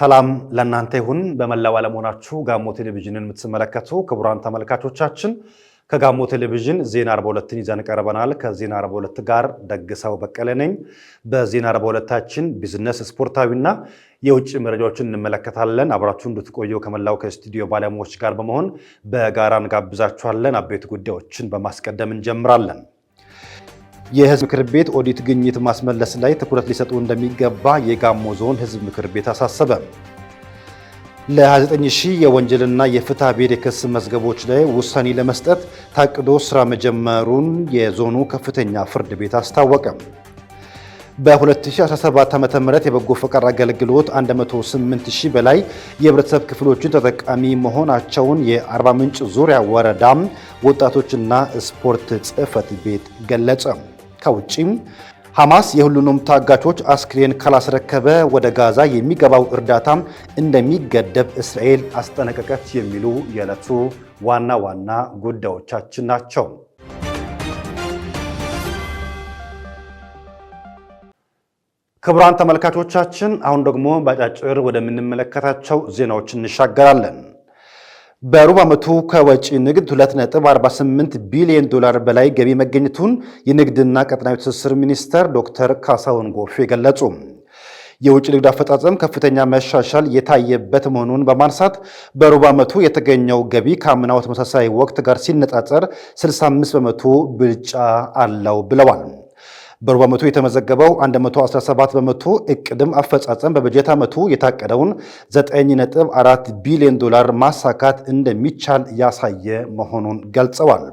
ሰላም ለእናንተ ይሁን። በመላው ዓለም ሆናችሁ ጋሞ ቴሌቪዥንን የምትመለከቱ ክቡራን ተመልካቾቻችን ከጋሞ ቴሌቪዥን ዜና 42ን ይዘን ቀርበናል። ከዜና 42 ጋር ደግሰው በቀለ ነኝ። በዜና 42ታችን ቢዝነስ፣ ስፖርታዊና የውጭ መረጃዎችን እንመለከታለን። አብራችሁ እንድትቆዩ ከመላው ከስቱዲዮ ባለሙያዎች ጋር በመሆን በጋራ እንጋብዛችኋለን። አበይት ጉዳዮችን በማስቀደም እንጀምራለን። የህዝብ ምክር ቤት ኦዲት ግኝት ማስመለስ ላይ ትኩረት ሊሰጡ እንደሚገባ የጋሞ ዞን ህዝብ ምክር ቤት አሳሰበ። ለ29 ሺህ የወንጀልና የፍትሐ ብሔር የክስ መዝገቦች ላይ ውሳኔ ለመስጠት ታቅዶ ስራ መጀመሩን የዞኑ ከፍተኛ ፍርድ ቤት አስታወቀ። በ2017 ዓ ም የበጎ ፈቃድ አገልግሎት 108 ሺህ በላይ የህብረተሰብ ክፍሎችን ተጠቃሚ መሆናቸውን የአርባ ምንጭ ዙሪያ ወረዳም ወጣቶችና ስፖርት ጽህፈት ቤት ገለጸም። ከውጭም ሐማስ የሁሉንም ታጋቾች አስክሬን ካላስረከበ ወደ ጋዛ የሚገባው እርዳታም እንደሚገደብ እስራኤል አስጠነቀቀች። የሚሉ የዕለቱ ዋና ዋና ጉዳዮቻችን ናቸው። ክቡራን ተመልካቾቻችን፣ አሁን ደግሞ በአጫጭር ወደምንመለከታቸው ዜናዎች እንሻገራለን። በሩብ ዓመቱ ከወጪ ንግድ 2.48 ቢሊዮን ዶላር በላይ ገቢ መገኘቱን የንግድና ቀጠናዊ ትስስር ሚኒስተር ዶክተር ካሳሁን ጎፌ ገለጹ። የውጭ ንግድ አፈጻጸም ከፍተኛ መሻሻል የታየበት መሆኑን በማንሳት በሩብ ዓመቱ የተገኘው ገቢ ከአምናው ተመሳሳይ ወቅት ጋር ሲነጻጸር 65 በመቶ ብልጫ አለው ብለዋል። በሩብ ዓመቱ የተመዘገበው 117 በመቶ እቅድም አፈጻጸም በበጀት ዓመቱ የታቀደውን 9.4 ቢሊዮን ዶላር ማሳካት እንደሚቻል ያሳየ መሆኑን ገልጸዋል።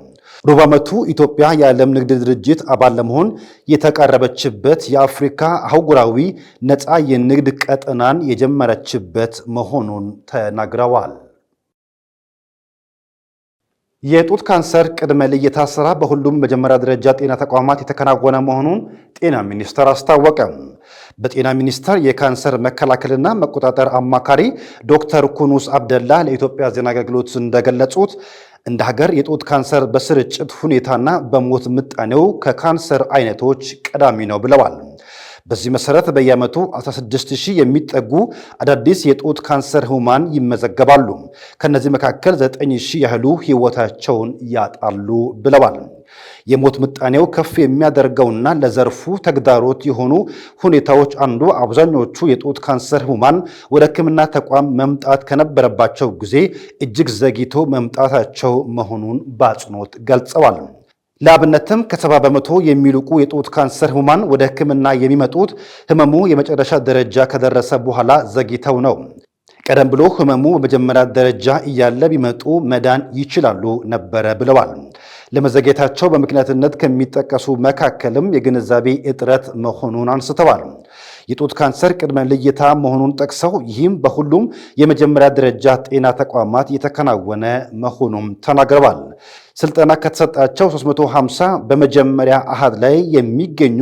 ሩብ ዓመቱ ኢትዮጵያ የዓለም ንግድ ድርጅት አባል ለመሆን የተቃረበችበት የአፍሪካ አህጉራዊ ነፃ የንግድ ቀጠናን የጀመረችበት መሆኑን ተናግረዋል። የጡት ካንሰር ቅድመ ልየታ ስራ በሁሉም መጀመሪያ ደረጃ ጤና ተቋማት የተከናወነ መሆኑን ጤና ሚኒስቴር አስታወቀ። በጤና ሚኒስቴር የካንሰር መከላከልና መቆጣጠር አማካሪ ዶክተር ኩኑስ አብደላ ለኢትዮጵያ ዜና አገልግሎት እንደገለጹት እንደ ሀገር የጡት ካንሰር በስርጭት ሁኔታና በሞት ምጣኔው ከካንሰር አይነቶች ቀዳሚ ነው ብለዋል። በዚህ መሰረት በየዓመቱ ሺህ የሚጠጉ አዳዲስ የጡት ካንሰር ህሙማን ይመዘገባሉ። ከነዚህ መካከል 9000 ያህሉ ህይወታቸውን ያጣሉ ብለዋል። የሞት ምጣኔው ከፍ የሚያደርገውና ለዘርፉ ተግዳሮት የሆኑ ሁኔታዎች አንዱ አብዛኞቹ የጡት ካንሰር ህሙማን ወደ ህክምና ተቋም መምጣት ከነበረባቸው ጊዜ እጅግ ዘግይቶ መምጣታቸው መሆኑን በአጽንኦት ገልጸዋል። ለአብነትም ከሰባ በመቶ የሚልቁ የጡት ካንሰር ህሙማን ወደ ህክምና የሚመጡት ህመሙ የመጨረሻ ደረጃ ከደረሰ በኋላ ዘግይተው ነው። ቀደም ብሎ ህመሙ በመጀመሪያ ደረጃ እያለ ቢመጡ መዳን ይችላሉ ነበረ ብለዋል። ለመዘግየታቸው በምክንያትነት ከሚጠቀሱ መካከልም የግንዛቤ እጥረት መሆኑን አንስተዋል። የጡት ካንሰር ቅድመ ልይታ መሆኑን ጠቅሰው ይህም በሁሉም የመጀመሪያ ደረጃ ጤና ተቋማት የተከናወነ መሆኑም ተናግረዋል። ስልጠና ከተሰጣቸው 350 በመጀመሪያ አሃድ ላይ የሚገኙ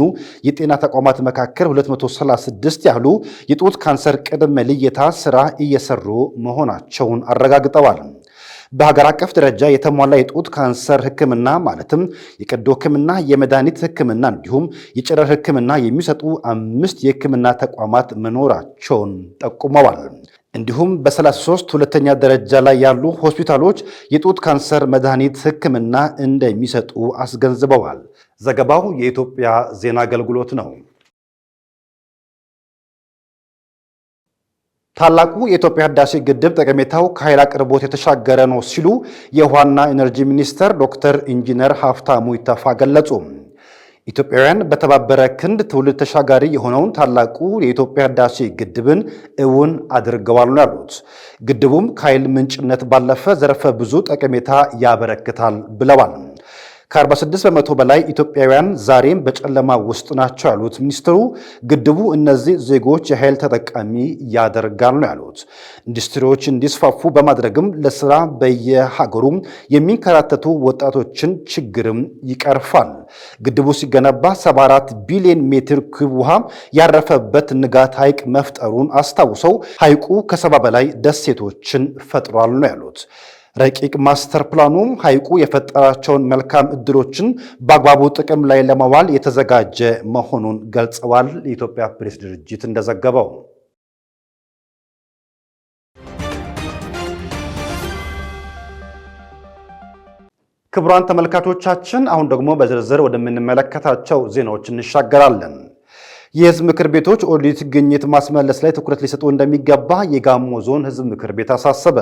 የጤና ተቋማት መካከል 236 ያህሉ የጡት ካንሰር ቅድመ ልየታ ስራ እየሰሩ መሆናቸውን አረጋግጠዋል። በሀገር አቀፍ ደረጃ የተሟላ የጡት ካንሰር ሕክምና ማለትም የቀዶ ህክምና የመድኃኒት ህክምና እንዲሁም የጨረር ህክምና የሚሰጡ አምስት የህክምና ተቋማት መኖራቸውን ጠቁመዋል። እንዲሁም በ33 ሁለተኛ ደረጃ ላይ ያሉ ሆስፒታሎች የጡት ካንሰር መድኃኒት ህክምና እንደሚሰጡ አስገንዝበዋል። ዘገባው የኢትዮጵያ ዜና አገልግሎት ነው። ታላቁ የኢትዮጵያ ህዳሴ ግድብ ጠቀሜታው ከኃይል አቅርቦት የተሻገረ ነው ሲሉ የውሃና ኢነርጂ ሚኒስተር ዶክተር ኢንጂነር ሀፍታሙ ኢተፋ ገለጹ። ኢትዮጵያውያን በተባበረ ክንድ ትውልድ ተሻጋሪ የሆነውን ታላቁ የኢትዮጵያ ህዳሴ ግድብን እውን አድርገዋል ነው ያሉት። ግድቡም ከኃይል ምንጭነት ባለፈ ዘርፈ ብዙ ጠቀሜታ ያበረክታል ብለዋል። ከ46 በመቶ በላይ ኢትዮጵያውያን ዛሬም በጨለማ ውስጥ ናቸው ያሉት ሚኒስትሩ ግድቡ እነዚህ ዜጎች የኃይል ተጠቃሚ ያደርጋል ነው ያሉት። ኢንዱስትሪዎች እንዲስፋፉ በማድረግም ለስራ በየሀገሩ የሚንከራተቱ ወጣቶችን ችግርም ይቀርፋል። ግድቡ ሲገነባ 74 ቢሊዮን ሜትር ኩብ ውሃ ያረፈበት ንጋት ሐይቅ መፍጠሩን አስታውሰው ሐይቁ ከሰባ በላይ ደሴቶችን ፈጥሯል ነው ያሉት። ረቂቅ ማስተር ፕላኑም ሐይቁ የፈጠራቸውን መልካም እድሎችን በአግባቡ ጥቅም ላይ ለማዋል የተዘጋጀ መሆኑን ገልጸዋል። የኢትዮጵያ ፕሬስ ድርጅት እንደዘገበው ክቡራን ተመልካቾቻችን፣ አሁን ደግሞ በዝርዝር ወደምንመለከታቸው ዜናዎች እንሻገራለን። የህዝብ ምክር ቤቶች ኦዲት ግኝት ማስመለስ ላይ ትኩረት ሊሰጡ እንደሚገባ የጋሞ ዞን ህዝብ ምክር ቤት አሳሰበ።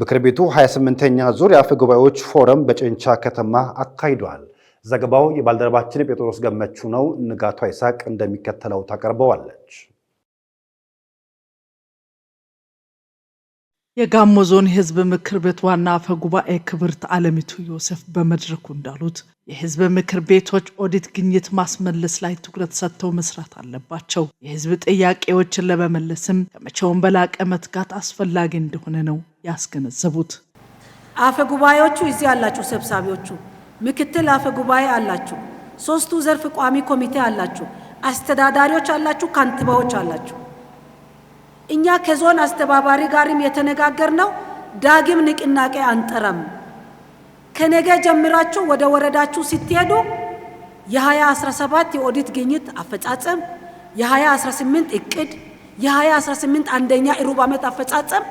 ምክር ቤቱ 28ኛ ዙር የአፈ ጉባኤዎች ፎረም በጨንቻ ከተማ አካሂዷል። ዘገባው የባልደረባችን ጴጥሮስ ገመቹ ነው። ንጋቷ ይሳቅ እንደሚከተለው ታቀርበዋለች። የጋሞ ዞን የህዝብ ምክር ቤት ዋና አፈ ጉባኤ ክብርት አለሚቱ ዮሴፍ በመድረኩ እንዳሉት የህዝብ ምክር ቤቶች ኦዲት ግኝት ማስመለስ ላይ ትኩረት ሰጥተው መስራት አለባቸው። የህዝብ ጥያቄዎችን ለመመለስም ከመቼውም በላቀ መትጋት አስፈላጊ እንደሆነ ነው ያስገነዘቡት። አፈ ጉባኤዎቹ እዚህ አላችሁ፣ ሰብሳቢዎቹ ምክትል አፈ ጉባኤ አላችሁ፣ ሶስቱ ዘርፍ ቋሚ ኮሚቴ አላችሁ፣ አስተዳዳሪዎች አላችሁ፣ ካንትባዎች አላችሁ እኛ ከዞን አስተባባሪ ጋርም ነው ዳግም ንቅናቄ አንጠራም፣ ከነገ ጀምራችሁ ወደ ወረዳችሁ ስትሄዱ የ2017 የኦዲት ግኝት አፈጻጸም፣ የ2018 እቅድ፣ የ2018 አንደኛ ሩብ ዓመት አፈጻጸም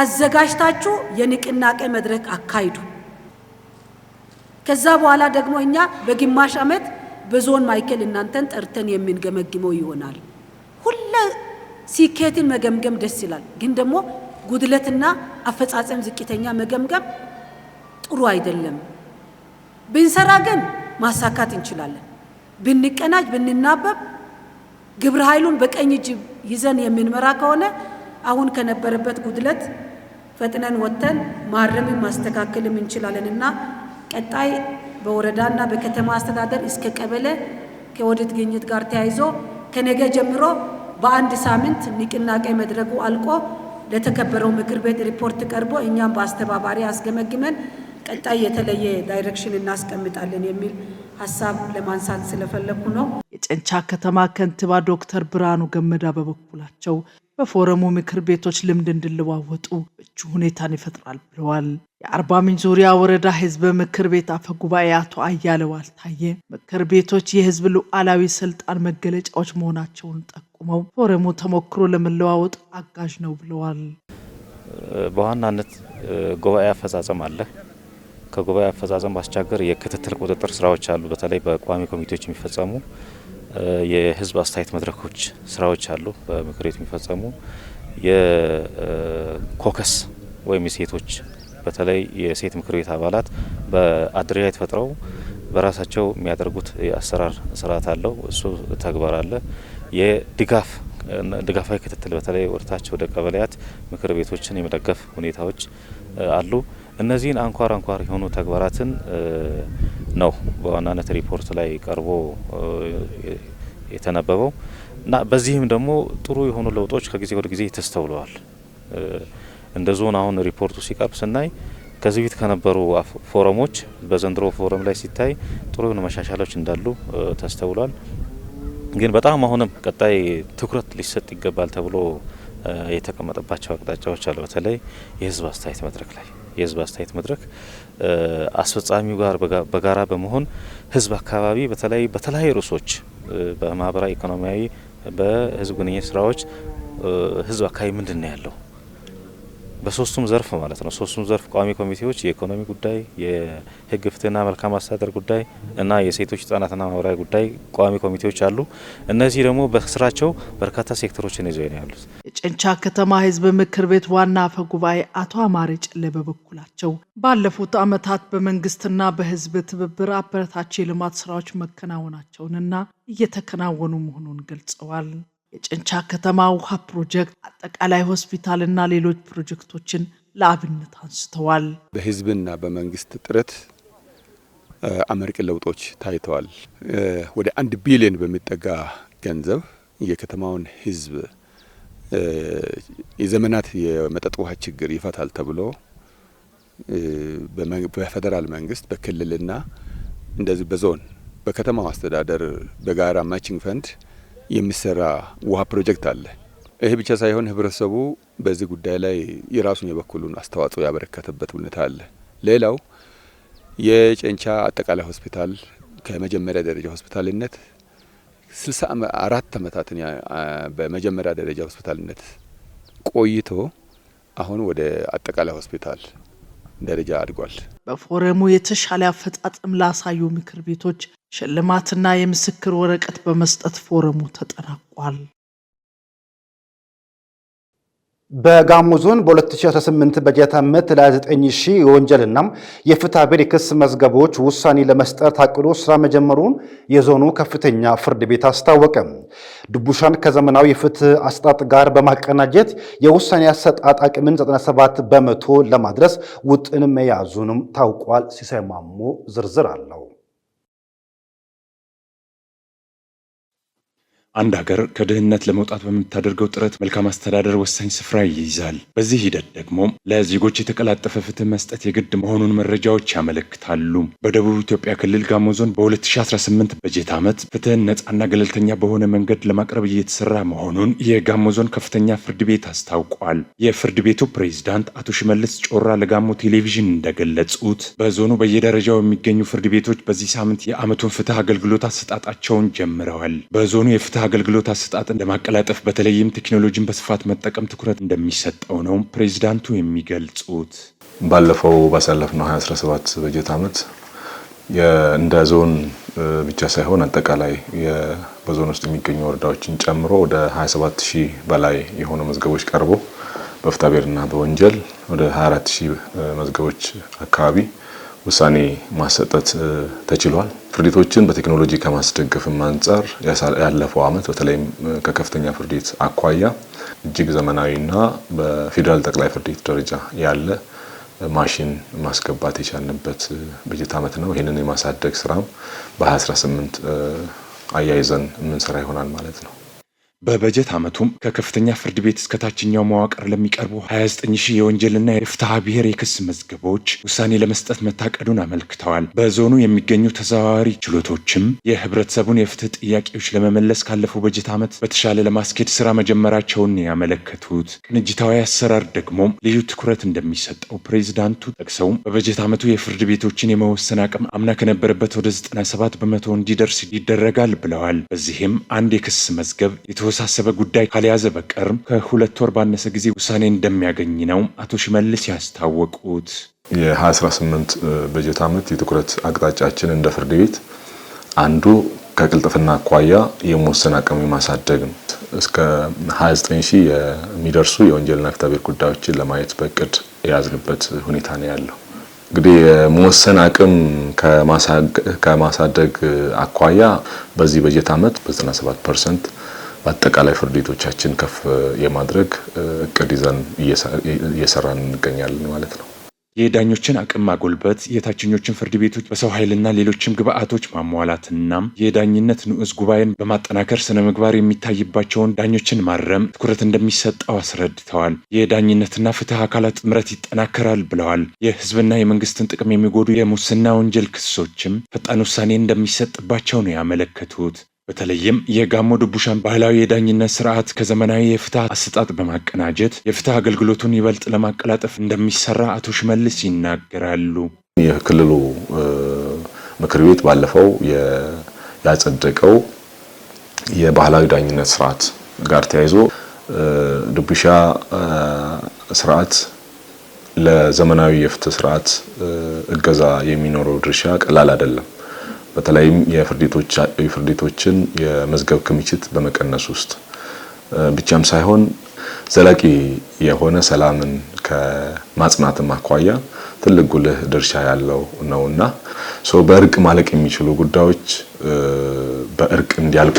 አዘጋጅታችሁ የንቅናቄ መድረክ አካሂዱ። ከዛ በኋላ ደግሞ እኛ በግማሽ ዓመት በዞን ማዕከል እናንተን ጠርተን የምንገመግመው ይሆናል። ሁለ ስኬትን መገምገም ደስ ይላል፣ ግን ደግሞ ጉድለትና አፈጻጸም ዝቅተኛ መገምገም ጥሩ አይደለም። ብንሰራ ግን ማሳካት እንችላለን። ብንቀናጅ፣ ብንናበብ ግብረ ኃይሉን በቀኝ እጅ ይዘን የምንመራ ከሆነ አሁን ከነበረበት ጉድለት ፈጥነን ወጥተን ማረምም ማስተካከልም እንችላለን እና ቀጣይ በወረዳና በከተማ አስተዳደር እስከ ቀበሌ ከኦዲት ግኝት ጋር ተያይዞ ከነገ ጀምሮ በአንድ ሳምንት ንቅናቄ መድረጉ አልቆ ለተከበረው ምክር ቤት ሪፖርት ቀርቦ እኛም በአስተባባሪ አስገመግመን ቀጣይ የተለየ ዳይሬክሽን እናስቀምጣለን የሚል ሀሳብ ለማንሳት ስለፈለኩ ነው። የጨንቻ ከተማ ከንቲባ ዶክተር ብርሃኑ ገመዳ በበኩላቸው በፎረሙ ምክር ቤቶች ልምድ እንዲለዋወጡ ምቹ ሁኔታን ይፈጥራል ብለዋል። የአርባ ምንጭ ዙሪያ ወረዳ ህዝብ ምክር ቤት አፈ ጉባኤ አቶ አያለው አልታየ ምክር ቤቶች የህዝብ ሉዓላዊ ስልጣን መገለጫዎች መሆናቸውን ጠቁመው ፎረሙ ተሞክሮ ለመለዋወጥ አጋዥ ነው ብለዋል። በዋናነት ጉባኤ አፈጻጸም አለ። ከጉባኤ አፈጻጸም ባስቻገር የክትትል ቁጥጥር ስራዎች አሉ። በተለይ በቋሚ ኮሚቴዎች የሚፈጸሙ የህዝብ አስተያየት መድረኮች ስራዎች አሉ፣ በምክር ቤት የሚፈጸሙ የኮከስ ወይም የሴቶች በተለይ የሴት ምክር ቤት አባላት በአደረጃጀት ፈጥረው በራሳቸው የሚያደርጉት የአሰራር ስርዓት አለው። እሱ ተግባር አለ። የድጋፍ ድጋፋዊ ክትትል በተለይ ወርታቸው ወደ ቀበሌያት ምክር ቤቶችን የመደገፍ ሁኔታዎች አሉ። እነዚህን አንኳር አንኳር የሆኑ ተግባራትን ነው በዋናነት ሪፖርት ላይ ቀርቦ የተነበበው እና በዚህም ደግሞ ጥሩ የሆኑ ለውጦች ከጊዜ ወደ ጊዜ ተስተውለዋል። እንደ ዞን አሁን ሪፖርቱ ሲቀርብ ስናይ ከዚህ ቤት ከነበሩ ፎረሞች በዘንድሮ ፎረም ላይ ሲታይ ጥሩ የሆኑ መሻሻሎች እንዳሉ ተስተውሏል። ግን በጣም አሁንም ቀጣይ ትኩረት ሊሰጥ ይገባል ተብሎ የተቀመጠባቸው አቅጣጫዎች አሉ። በተለይ የህዝብ አስተያየት መድረክ ላይ የህዝብ አስተያየት መድረክ አስፈጻሚው ጋር በጋራ በመሆን ህዝብ አካባቢ በተለይ በተለያዩ ርዕሶች በማህበራዊ ኢኮኖሚያዊ፣ በህዝብ ግንኙነት ስራዎች ህዝብ አካባቢ ምንድን ነው ያለው በሶስቱም ዘርፍ ማለት ነው። ሶስቱም ዘርፍ ቋሚ ኮሚቴዎች የኢኮኖሚ ጉዳይ፣ የህግ ፍትህና መልካም አስተዳደር ጉዳይ እና የሴቶች ህጻናትና ማህበራዊ ጉዳይ ቋሚ ኮሚቴዎች አሉ። እነዚህ ደግሞ በስራቸው በርካታ ሴክተሮችን ይዘው ነው ያሉት። የጨንቻ ከተማ ህዝብ ምክር ቤት ዋና አፈ ጉባኤ አቶ አማሬ ጭሌ በበኩላቸው ባለፉት አመታት በመንግስትና በህዝብ ትብብር አበረታች የልማት ስራዎች መከናወናቸውንና እየተከናወኑ መሆኑን ገልጸዋል። የጭንቻ ከተማ ውሃ ፕሮጀክት፣ አጠቃላይ ሆስፒታልና ሌሎች ፕሮጀክቶችን ለአብነት አንስተዋል። በህዝብና በመንግስት ጥረት አመርቂ ለውጦች ታይተዋል። ወደ አንድ ቢሊዮን በሚጠጋ ገንዘብ የከተማውን ህዝብ የዘመናት የመጠጥ ውሃ ችግር ይፈታል ተብሎ በፌዴራል መንግስት በክልልና እንደዚህ በዞን በከተማው አስተዳደር በጋራ ማችንግ ፈንድ የሚሰራ ውሃ ፕሮጀክት አለ። ይሄ ብቻ ሳይሆን ህብረተሰቡ በዚህ ጉዳይ ላይ የራሱን የበኩሉን አስተዋጽኦ ያበረከተበት ሁኔታ አለ። ሌላው የጨንቻ አጠቃላይ ሆስፒታል ከመጀመሪያ ደረጃ ሆስፒታልነት ስልሳ አራት ዓመታትን በመጀመሪያ ደረጃ ሆስፒታልነት ቆይቶ አሁን ወደ አጠቃላይ ሆስፒታል ደረጃ አድጓል። በፎረሙ የተሻለ አፈጻጸም ላሳዩ ምክር ቤቶች ሽልማትና የምስክር ወረቀት በመስጠት ፎረሙ ተጠናቋል። በጋሞ ዞን በ2018 በጀት ዓመት ለ9000 የወንጀልና የፍትሐ ብሔር የክስ መዝገቦች ውሳኔ ለመስጠት ታቅዶ ስራ መጀመሩን የዞኑ ከፍተኛ ፍርድ ቤት አስታወቀ። ድቡሻን ከዘመናዊ የፍትህ አሰጣጥ ጋር በማቀናጀት የውሳኔ አሰጣጥ አቅምን 97 በመቶ ለማድረስ ውጥን መያዙንም ታውቋል። ሲሳይ ማሞ ዝርዝር አለው። አንድ ሀገር ከድህነት ለመውጣት በምታደርገው ጥረት መልካም አስተዳደር ወሳኝ ስፍራ ይይዛል። በዚህ ሂደት ደግሞ ለዜጎች የተቀላጠፈ ፍትህ መስጠት የግድ መሆኑን መረጃዎች ያመለክታሉ። በደቡብ ኢትዮጵያ ክልል ጋሞ ዞን በ2018 በጀት ዓመት ፍትህን ነፃና ገለልተኛ በሆነ መንገድ ለማቅረብ እየተሰራ መሆኑን የጋሞ ዞን ከፍተኛ ፍርድ ቤት አስታውቋል። የፍርድ ቤቱ ፕሬዝዳንት አቶ ሽመልስ ጮራ ለጋሞ ቴሌቪዥን እንደገለጹት በዞኑ በየደረጃው የሚገኙ ፍርድ ቤቶች በዚህ ሳምንት የዓመቱን ፍትህ አገልግሎት አሰጣጣቸውን ጀምረዋል። በዞኑ የፍትህ የፍትህ አገልግሎት አሰጣጥ እንደማቀላጠፍ በተለይም ቴክኖሎጂን በስፋት መጠቀም ትኩረት እንደሚሰጠው ነው ፕሬዚዳንቱ የሚገልጹት። ባለፈው ባሳለፍነው 2017 በጀት ዓመት እንደ ዞን ብቻ ሳይሆን አጠቃላይ በዞን ውስጥ የሚገኙ ወረዳዎችን ጨምሮ ወደ 27 ሺህ በላይ የሆኑ መዝገቦች ቀርቦ በፍትሐብሔርና በወንጀል ወደ 24 ሺህ መዝገቦች አካባቢ ውሳኔ ማሰጠት ተችሏል። ፍርድ ቤቶችን በቴክኖሎጂ ከማስደገፍም አንጻር ያለፈው ዓመት በተለይም ከከፍተኛ ፍርድ ቤት አኳያ እጅግ ዘመናዊና በፌዴራል ጠቅላይ ፍርድ ቤት ደረጃ ያለ ማሽን ማስገባት የቻልንበት በጀት ዓመት ነው። ይህንን የማሳደግ ስራም በ2018 አያይዘን የምንሰራ ይሆናል ማለት ነው። በበጀት ዓመቱም ከከፍተኛ ፍርድ ቤት እስከ ታችኛው መዋቅር ለሚቀርቡ 29 ሺህ የወንጀልና የፍትሐ ብሔር የክስ መዝገቦች ውሳኔ ለመስጠት መታቀዱን አመልክተዋል። በዞኑ የሚገኙ ተዘዋዋሪ ችሎቶችም የህብረተሰቡን የፍትህ ጥያቄዎች ለመመለስ ካለፈው በጀት ዓመት በተሻለ ለማስኬድ ስራ መጀመራቸውን ያመለከቱት፣ ቅንጅታዊ አሰራር ደግሞ ልዩ ትኩረት እንደሚሰጠው ፕሬዚዳንቱ ጠቅሰውም በበጀት ዓመቱ የፍርድ ቤቶችን የመወሰን አቅም አምና ከነበረበት ወደ 97 በመቶ እንዲደርስ ይደረጋል ብለዋል። በዚህም አንድ የክስ መዝገብ የተወሳሰበ ጉዳይ ካልያዘ በቀርም ከሁለት ወር ባነሰ ጊዜ ውሳኔ እንደሚያገኝ ነው አቶ ሽመልስ ያስታወቁት። የ2018 በጀት ዓመት የትኩረት አቅጣጫችን እንደ ፍርድ ቤት አንዱ ከቅልጥፍና አኳያ የመወሰን አቅም ማሳደግ ነው። እስከ 29 ሺህ የሚደርሱ የወንጀልና ፍትሐብሔር ጉዳዮችን ለማየት በቅድ የያዝንበት ሁኔታ ነው ያለው። እንግዲህ የመወሰን አቅም ከማሳደግ አኳያ በዚህ በጀት ዓመት በ97 ፐርሰንት በአጠቃላይ ፍርድ ቤቶቻችን ከፍ የማድረግ እቅድ ይዘን እየሰራን እንገኛለን ማለት ነው። የዳኞችን አቅም ማጎልበት፣ የታችኞችን ፍርድ ቤቶች በሰው ኃይልና ሌሎችም ግብአቶች ማሟላትና የዳኝነት ንዑስ ጉባኤን በማጠናከር ስነ ምግባር የሚታይባቸውን ዳኞችን ማረም ትኩረት እንደሚሰጠው አስረድተዋል። የዳኝነትና ፍትህ አካላት ጥምረት ይጠናከራል ብለዋል። የህዝብና የመንግስትን ጥቅም የሚጎዱ የሙስና ወንጀል ክሶችም ፈጣን ውሳኔ እንደሚሰጥባቸው ነው ያመለከቱት። በተለይም የጋሞ ድቡሻን ባህላዊ የዳኝነት ስርዓት ከዘመናዊ የፍትህ አሰጣጥ በማቀናጀት የፍትህ አገልግሎቱን ይበልጥ ለማቀላጠፍ እንደሚሰራ አቶ ሽመልስ ይናገራሉ። የክልሉ ምክር ቤት ባለፈው ያጸደቀው የባህላዊ ዳኝነት ስርዓት ጋር ተያይዞ ድቡሻ ስርዓት ለዘመናዊ የፍትህ ስርዓት እገዛ የሚኖረው ድርሻ ቀላል አይደለም። በተለይም የፍርዴቶችን የመዝገብ ክምችት በመቀነስ ውስጥ ብቻም ሳይሆን ዘላቂ የሆነ ሰላምን ከማጽናትም አኳያ ትልቅ ጉልህ ድርሻ ያለው ነውና በእርቅ ማለቅ የሚችሉ ጉዳዮች በእርቅ እንዲያልቁ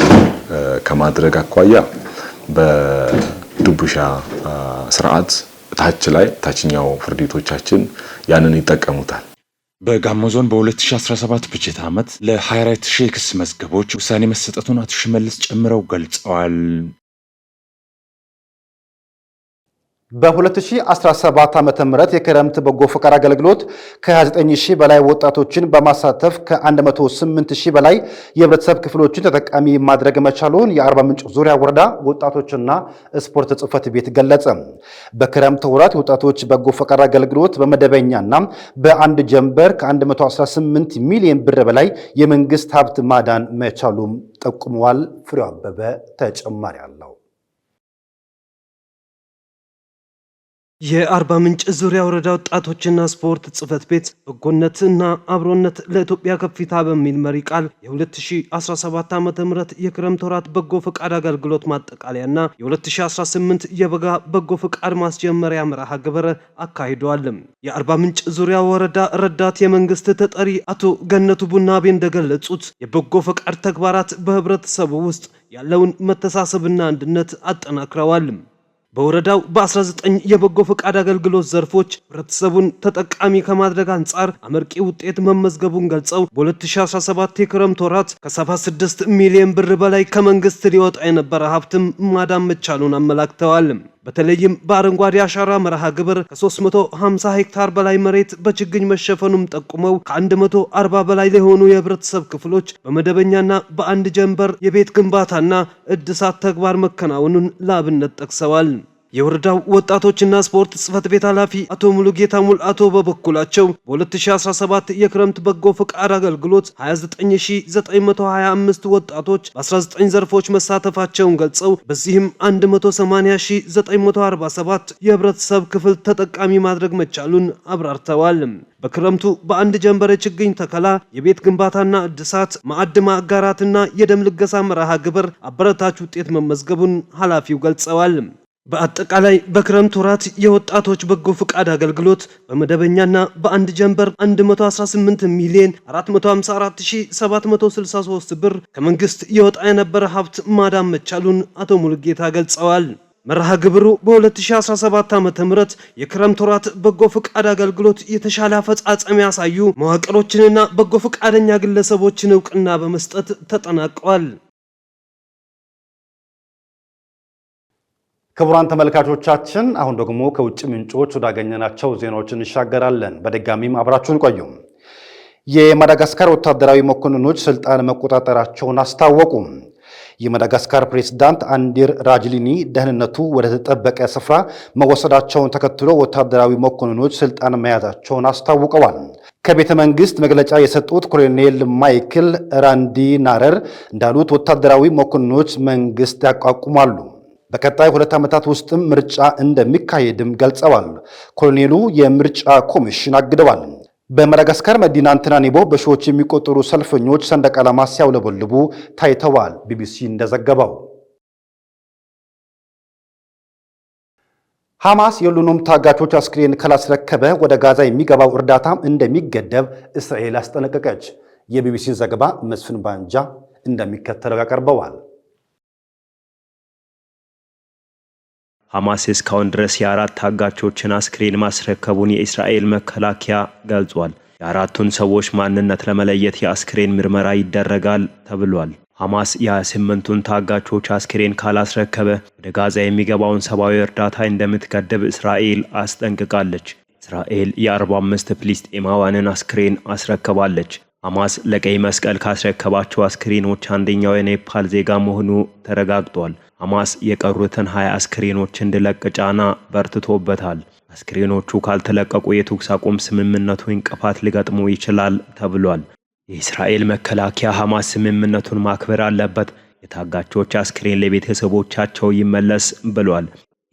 ከማድረግ አኳያ በዱቡሻ ስርዓት ታች ላይ ታችኛው ፍርዴቶቻችን ያንን ይጠቀሙታል። በጋሞ ዞን በ2017 በጀት ዓመት ለ24 ሺህ የክስ መዝገቦች ውሳኔ መሰጠቱን አቶ ሽመልስ ጨምረው ገልጸዋል። በ2017 ዓ ም የክረምት በጎ ፈቃድ አገልግሎት ከ ሺህ በላይ ወጣቶችን በማሳተፍ ከ108000 በላይ የህብረተሰብ ክፍሎችን ተጠቃሚ ማድረግ መቻሉን የአርባ ምንጭ ዙሪያ ወረዳ ወጣቶችና ስፖርት ጽፈት ቤት ገለጸ። በክረምት ወራት የወጣቶች በጎ ፈቃድ አገልግሎት በመደበኛና በአንድ ጀንበር ከ118 ሚሊዮን ብር በላይ የመንግስት ሀብት ማዳን መቻሉም ጠቁመዋል። ፍሬው አበበ ተጨማሪ አለው። የአርባ ምንጭ ዙሪያ ወረዳ ወጣቶችና ስፖርት ጽህፈት ቤት በጎነትና አብሮነት ለኢትዮጵያ ከፍታ በሚል መሪ ቃል የ2017 ዓ ም የክረምት ወራት በጎ ፈቃድ አገልግሎት ማጠቃለያና የ2018 የበጋ በጎ ፈቃድ ማስጀመሪያ መርሃ ግብር አካሂደዋል። የአርባ ምንጭ ዙሪያ ወረዳ ረዳት የመንግስት ተጠሪ አቶ ገነቱ ቡናቤ እንደገለጹት የበጎ ፈቃድ ተግባራት በህብረተሰቡ ውስጥ ያለውን መተሳሰብና አንድነት አጠናክረዋል። በወረዳው በ19 የበጎ ፈቃድ አገልግሎት ዘርፎች ህብረተሰቡን ተጠቃሚ ከማድረግ አንጻር አመርቂ ውጤት መመዝገቡን ገልጸው በ2017 የክረምት ወራት ከ76 ሚሊዮን ብር በላይ ከመንግስት ሊወጣ የነበረ ሀብትም ማዳን መቻሉን አመላክተዋል። በተለይም በአረንጓዴ አሻራ መርሃ ግብር ከ350 ሄክታር በላይ መሬት በችግኝ መሸፈኑም ጠቁመው ከ140 በላይ ለሆኑ የህብረተሰብ ክፍሎች በመደበኛና በአንድ ጀንበር የቤት ግንባታና እድሳት ተግባር መከናወኑን ለአብነት ጠቅሰዋል። የወረዳው ወጣቶችና ስፖርት ጽህፈት ቤት ኃላፊ አቶ ሙሉጌታ ሙልአቶ በበኩላቸው በ2017 የክረምት በጎ ፈቃድ አገልግሎት 29925 ወጣቶች በ19 ዘርፎች መሳተፋቸውን ገልጸው በዚህም 180947 የህብረተሰብ ክፍል ተጠቃሚ ማድረግ መቻሉን አብራርተዋል። በክረምቱ በአንድ ጀንበረ ችግኝ ተከላ፣ የቤት ግንባታና እድሳት፣ ማዕድ ማጋራትና የደም ልገሳ መርሃ ግብር አበረታች ውጤት መመዝገቡን ኃላፊው ገልጸዋል። በአጠቃላይ በክረምት ወራት የወጣቶች በጎ ፍቃድ አገልግሎት በመደበኛና በአንድ ጀንበር 118 ሚሊዮን 454763 ብር ከመንግስት የወጣ የነበረ ሀብት ማዳን መቻሉን አቶ ሙሉጌታ ገልጸዋል። መርሃ ግብሩ በ2017 ም የክረምት ወራት በጎ ፍቃድ አገልግሎት የተሻለ አፈጻጸም ያሳዩ መዋቅሮችንና በጎ ፍቃደኛ ግለሰቦችን እውቅና በመስጠት ተጠናቀዋል። ክቡራን ተመልካቾቻችን አሁን ደግሞ ከውጭ ምንጮች ወዳገኘናቸው ዜናዎች እንሻገራለን። በድጋሚም አብራችሁን ቆዩ። የማዳጋስካር ወታደራዊ መኮንኖች ስልጣን መቆጣጠራቸውን አስታወቁ። የማዳጋስካር ፕሬዝዳንት አንዲር ራጅሊኒ ደህንነቱ ወደ ተጠበቀ ስፍራ መወሰዳቸውን ተከትሎ ወታደራዊ መኮንኖች ስልጣን መያዛቸውን አስታውቀዋል። ከቤተ መንግስት መግለጫ የሰጡት ኮሎኔል ማይክል ራንዲ ናረር እንዳሉት ወታደራዊ መኮንኖች መንግስት ያቋቁማሉ። በቀጣይ ሁለት ዓመታት ውስጥም ምርጫ እንደሚካሄድም ገልጸዋል። ኮሎኔሉ የምርጫ ኮሚሽን አግደዋል። በመዳጋስካር መዲና አንታናሪቮ በሺዎች የሚቆጠሩ ሰልፈኞች ሰንደቅ ዓላማ ሲያውለበልቡ ታይተዋል። ቢቢሲ እንደዘገበው ሐማስ የሁሉንም ታጋቾች አስክሬን ካላስረከበ ወደ ጋዛ የሚገባው እርዳታም እንደሚገደብ እስራኤል አስጠነቀቀች። የቢቢሲ ዘገባ መስፍን ባንጃ እንደሚከተለው ያቀርበዋል። ሐማስ እስካሁን ድረስ የአራት ታጋቾችን አስክሬን ማስረከቡን የእስራኤል መከላከያ ገልጿል። የአራቱን ሰዎች ማንነት ለመለየት የአስክሬን ምርመራ ይደረጋል ተብሏል። ሐማስ የስምንቱን ታጋቾች አስክሬን ካላስረከበ ወደ ጋዛ የሚገባውን ሰብአዊ እርዳታ እንደምትገድብ እስራኤል አስጠንቅቃለች። እስራኤል የ45 ፍልስጤማውያንን አስክሬን አስረክባለች። ሐማስ ለቀይ መስቀል ካስረከባቸው አስክሬኖች አንደኛው የኔፓል ዜጋ መሆኑ ተረጋግጧል። ሐማስ የቀሩትን ሀያ አስክሬኖች እንዲለቅ ጫና በርትቶበታል። አስክሬኖቹ ካልተለቀቁ የተኩስ አቁም ስምምነቱ እንቅፋት ሊገጥሙ ይችላል ተብሏል። የእስራኤል መከላከያ ሐማስ ስምምነቱን ማክበር አለበት፣ የታጋቾች አስክሬን ለቤተሰቦቻቸው ይመለስ ብሏል።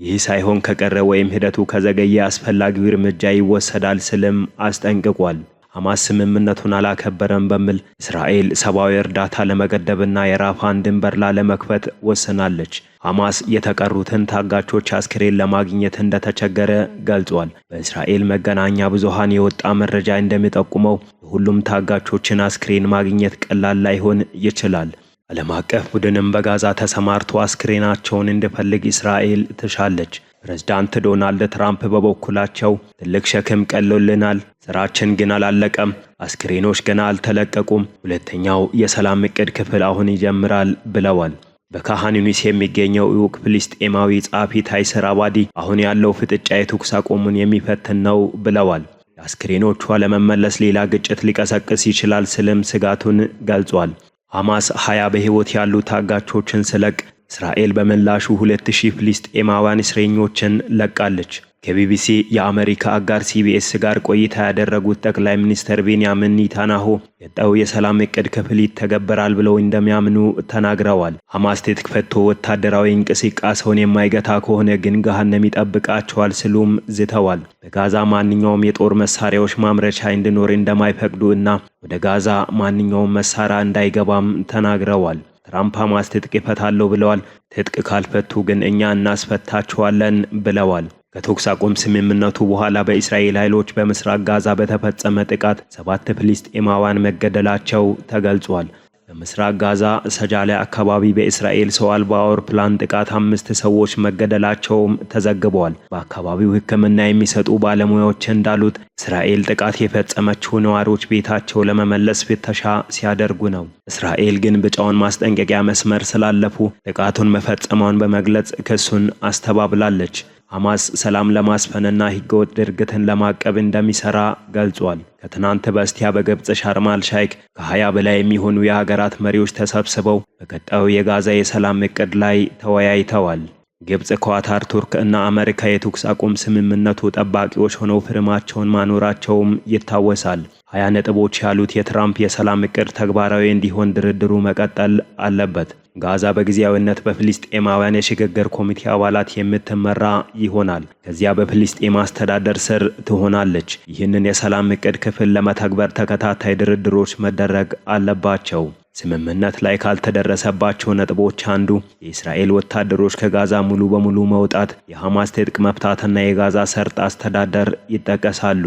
ይህ ሳይሆን ከቀረ ወይም ሂደቱ ከዘገየ አስፈላጊው እርምጃ ይወሰዳል ስልም አስጠንቅቋል። ሐማስ ስምምነቱን አላከበረም በሚል እስራኤል ሰብአዊ እርዳታ ለመገደብና የራፋን ድንበር ላለመክፈት ወስናለች። ሐማስ የተቀሩትን ታጋቾች አስክሬን ለማግኘት እንደተቸገረ ገልጿል። በእስራኤል መገናኛ ብዙሃን የወጣ መረጃ እንደሚጠቁመው የሁሉም ታጋቾችን አስክሬን ማግኘት ቀላል ላይሆን ይችላል። ዓለም አቀፍ ቡድንም በጋዛ ተሰማርቶ አስክሬናቸውን እንዲፈልግ እስራኤል ትሻለች። ፕሬዝዳንት ዶናልድ ትራምፕ በበኩላቸው ትልቅ ሸክም ቀሎልናል፣ ስራችን ግን አላለቀም፣ አስክሬኖች ገና አልተለቀቁም፣ ሁለተኛው የሰላም እቅድ ክፍል አሁን ይጀምራል ብለዋል። በካሃን ዩኒስ የሚገኘው ዩቅ ፍልስጤማዊ ጸሐፊ ታይሰር አባዲ አሁን ያለው ፍጥጫ የተኩስ አቁሙን የሚፈትን ነው ብለዋል። የአስክሬኖቿ ለመመለስ ሌላ ግጭት ሊቀሰቅስ ይችላል ስልም ስጋቱን ገልጿል። ሐማስ ሀያ በሕይወት ያሉ ታጋቾችን ስለቅ እስራኤል በምላሹ ሁለት ፍልስጤማውያን እስረኞችን ለቃለች። ከቢቢሲ የአሜሪካ አጋር ሲቢኤስ ጋር ቆይታ ያደረጉት ጠቅላይ ሚኒስትር ቤንያሚን ኔታንያሁ የጠው የሰላም እቅድ ክፍል ይተገበራል ብለው እንደሚያምኑ ተናግረዋል። ሐማስ ትጥቅ ፈቶ ወታደራዊ እንቅስቃሴውን የማይገታ ከሆነ ግን ገሃነም ይጠብቃቸዋል ስሉም ዝተዋል። በጋዛ ማንኛውም የጦር መሳሪያዎች ማምረቻ እንዲኖር እንደማይፈቅዱ እና ወደ ጋዛ ማንኛውም መሳሪያ እንዳይገባም ተናግረዋል። ትራምፕ ሐማስ ትጥቅ ይፈታለሁ ብለዋል። ትጥቅ ካልፈቱ ግን እኛ እናስፈታቸዋለን ብለዋል። ከተኩስ አቁም ስምምነቱ በኋላ በእስራኤል ኃይሎች በምስራቅ ጋዛ በተፈጸመ ጥቃት ሰባት ፍልስጤማውያን መገደላቸው ተገልጿል። በምስራቅ ጋዛ ሰጃላይ አካባቢ በእስራኤል ሰው አልባ አውሮፕላን ጥቃት አምስት ሰዎች መገደላቸውም ተዘግበዋል። በአካባቢው ሕክምና የሚሰጡ ባለሙያዎች እንዳሉት እስራኤል ጥቃት የፈጸመችው ነዋሪዎች ቤታቸው ለመመለስ ፍተሻ ሲያደርጉ ነው። እስራኤል ግን ቢጫውን ማስጠንቀቂያ መስመር ስላለፉ ጥቃቱን መፈጸሟን በመግለጽ ክሱን አስተባብላለች። ሐማስ ሰላም ለማስፈንና ህገወጥ ድርግትን ለማቀብ እንደሚሰራ ገልጿል። ከትናንት በስቲያ በግብፅ ሻርማል ሻይክ ሼክ ከ20 በላይ የሚሆኑ የሀገራት መሪዎች ተሰብስበው በቀጣዩ የጋዛ የሰላም እቅድ ላይ ተወያይተዋል። ግብፅ፣ ኳታር፣ ቱርክ እና አሜሪካ የተኩስ አቁም ስምምነቱ ጠባቂዎች ሆነው ፊርማቸውን ማኖራቸውም ይታወሳል። ሀያ ነጥቦች ያሉት የትራምፕ የሰላም እቅድ ተግባራዊ እንዲሆን ድርድሩ መቀጠል አለበት። ጋዛ በጊዜያዊነት በፊልስጤማውያን የሽግግር ኮሚቴ አባላት የምትመራ ይሆናል። ከዚያ በፍልስጤም አስተዳደር ስር ትሆናለች። ይህንን የሰላም እቅድ ክፍል ለመተግበር ተከታታይ ድርድሮች መደረግ አለባቸው። ስምምነት ላይ ካልተደረሰባቸው ነጥቦች አንዱ የእስራኤል ወታደሮች ከጋዛ ሙሉ በሙሉ መውጣት፣ የሐማስ ትጥቅ መፍታትና የጋዛ ሰርጥ አስተዳደር ይጠቀሳሉ።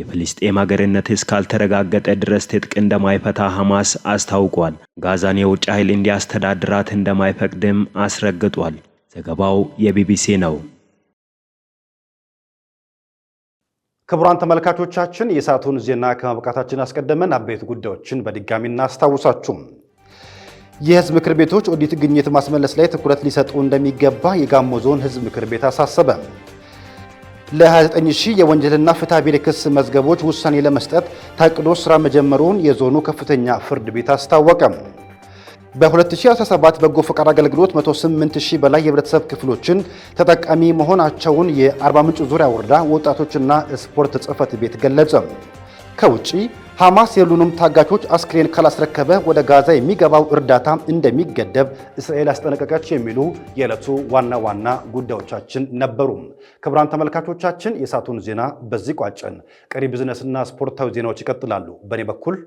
የፍልስጤም አገርነት እስካልተረጋገጠ ድረስ ትጥቅ እንደማይፈታ ሐማስ አስታውቋል። ጋዛን የውጭ ኃይል እንዲያስተዳድራት እንደማይፈቅድም አስረግጧል። ዘገባው የቢቢሲ ነው። ክቡራን ተመልካቾቻችን የሰዓቱን ዜና ከማብቃታችን አስቀድመን አበይት ጉዳዮችን በድጋሚ እናስታውሳችሁም። የህዝብ ምክር ቤቶች ኦዲት ግኝት ማስመለስ ላይ ትኩረት ሊሰጡ እንደሚገባ የጋሞ ዞን ህዝብ ምክር ቤት አሳሰበ። ለ 29 ሺህ የወንጀልና ፍትሐ ብሔር ክስ መዝገቦች ውሳኔ ለመስጠት ታቅዶ ስራ መጀመሩን የዞኑ ከፍተኛ ፍርድ ቤት አስታወቀ። በ2017 በጎ ፈቃድ አገልግሎት ሺህ በላይ የህብረተሰብ ክፍሎችን ተጠቃሚ መሆናቸውን የአርባ ምንጭ ዙሪያ ወረዳ ወጣቶችና ስፖርት ጽፈት ቤት ገለጸ። ከውጪ ሐማስ የሉንም ታጋቾች አስክሬን ካላስረከበ ወደ ጋዛ የሚገባው እርዳታ እንደሚገደብ እስራኤል አስጠነቀቀች የሚሉ የዕለቱ ዋና ዋና ጉዳዮቻችን ነበሩም። ክቡራን ተመልካቾቻችን የሳቱን ዜና በዚህ ቋጨን። ቀሪ ቢዝነስና ስፖርታዊ ዜናዎች ይቀጥላሉ። በእኔ በኩል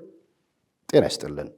ጤና ይስጥልን።